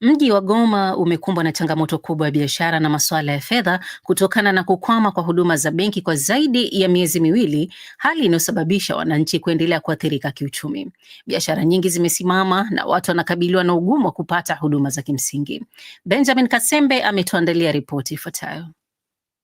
Mji wa Goma umekumbwa na changamoto kubwa ya biashara na masuala ya fedha kutokana na kukwama kwa huduma za benki kwa zaidi ya miezi miwili, hali inayosababisha wananchi kuendelea kuathirika kiuchumi. Biashara nyingi zimesimama na watu wanakabiliwa na ugumu wa kupata huduma za kimsingi. Benjamin Kasembe ametuandalia ripoti ifuatayo.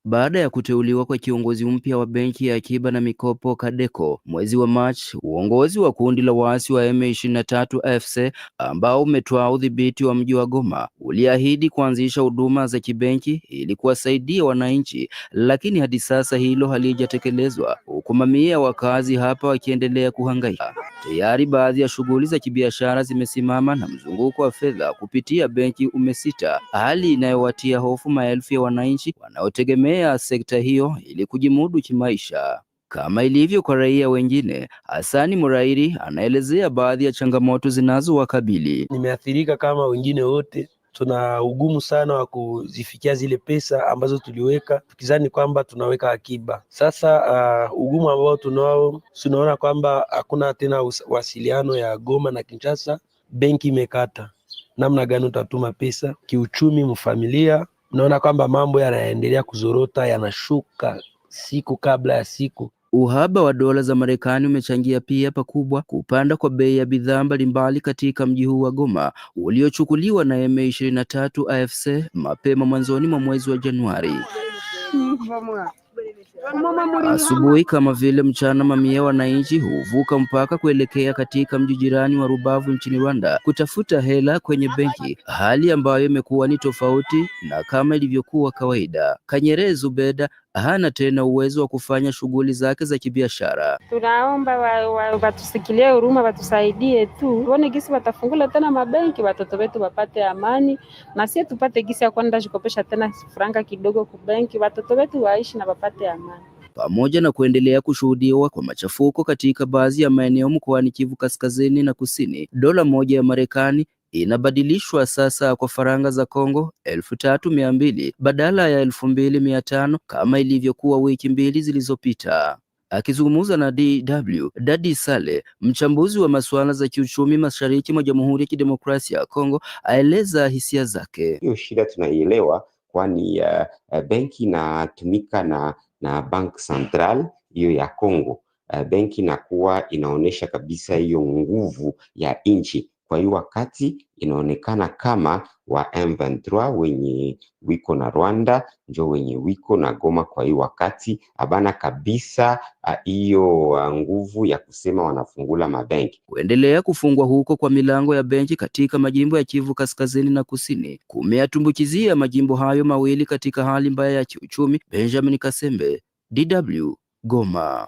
Baada ya kuteuliwa kwa kiongozi mpya wa benki ya akiba na mikopo Kadeko mwezi wa Machi, uongozi wa kundi la waasi wa M23 FC ambao umetoa udhibiti wa mji wa Goma uliahidi kuanzisha huduma za kibenki ili kuwasaidia wananchi, lakini hadi sasa hilo halijatekelezwa, huku mamia wakazi hapa wakiendelea kuhangaika. Tayari baadhi ya shughuli za kibiashara zimesimama na mzunguko wa fedha kupitia benki umesita, hali inayowatia hofu maelfu ya wananchi wanaotegemea kutegemea sekta hiyo ili kujimudu kimaisha. Kama ilivyo kwa raia wengine, Hasani Murairi anaelezea baadhi ya changamoto zinazowakabili. Nimeathirika kama wengine wote, tuna ugumu sana wa kuzifikia zile pesa ambazo tuliweka tukizani kwamba tunaweka akiba. Sasa uh, ugumu ambao tunao, tunaona kwamba hakuna tena wasiliano ya Goma na Kinshasa, benki imekata. Namna gani utatuma pesa kiuchumi mfamilia mnaona kwamba mambo yanaendelea kuzorota, yanashuka siku kabla ya siku. Uhaba wa dola za Marekani umechangia pia pakubwa kupanda kwa bei ya bidhaa mbalimbali katika mji huu wa Goma uliochukuliwa na M23 AFC mapema mwanzoni mwa mwezi wa Januari. Asubuhi kama vile mchana, mamia wananchi huvuka mpaka kuelekea katika mji jirani wa Rubavu nchini Rwanda kutafuta hela kwenye benki, hali ambayo imekuwa ni tofauti na kama ilivyokuwa kawaida. Kanyerezi Zubeda hana tena uwezo wa kufanya shughuli zake za kibiashara. Tunaomba watusikilie wa, wa, huruma watusaidie tu, tuone gisi watafungula tena mabenki, watoto wetu wapate amani na sie tupate gisi ya kwenda jikopesha tena franga kidogo kubenki, watoto wetu waishi na wapate amani pamoja na kuendelea kushuhudiwa kwa machafuko katika baadhi ya maeneo mkoani Kivu Kaskazini na Kusini, dola moja ya Marekani inabadilishwa sasa kwa faranga za Kongo elfu tatu mia mbili badala ya elfu mbili mia tano kama ilivyokuwa wiki mbili zilizopita. Akizungumza na DW, Dadi Sale, mchambuzi wa masuala za kiuchumi mashariki mwa Jamhuri ya Kidemokrasia ya Kongo, aeleza hisia zake. Hiyo shida tunaielewa, kwani uh, uh benki inatumika na, na bank central hiyo ya Kongo. Uh, benki inakuwa inaonyesha kabisa hiyo nguvu ya nchi kwa hiyo wakati inaonekana kama wa M23 wenye wiko na Rwanda njo wenye wiko na Goma kwa hiyo wakati, abana kabisa ah, hiyo ah, nguvu ya kusema wanafungula mabenki. Kuendelea kufungwa huko kwa milango ya benki katika majimbo ya Kivu Kaskazini na Kusini kumeyatumbukizia majimbo hayo mawili katika hali mbaya ya kiuchumi. Benjamin Kasembe, DW, Goma.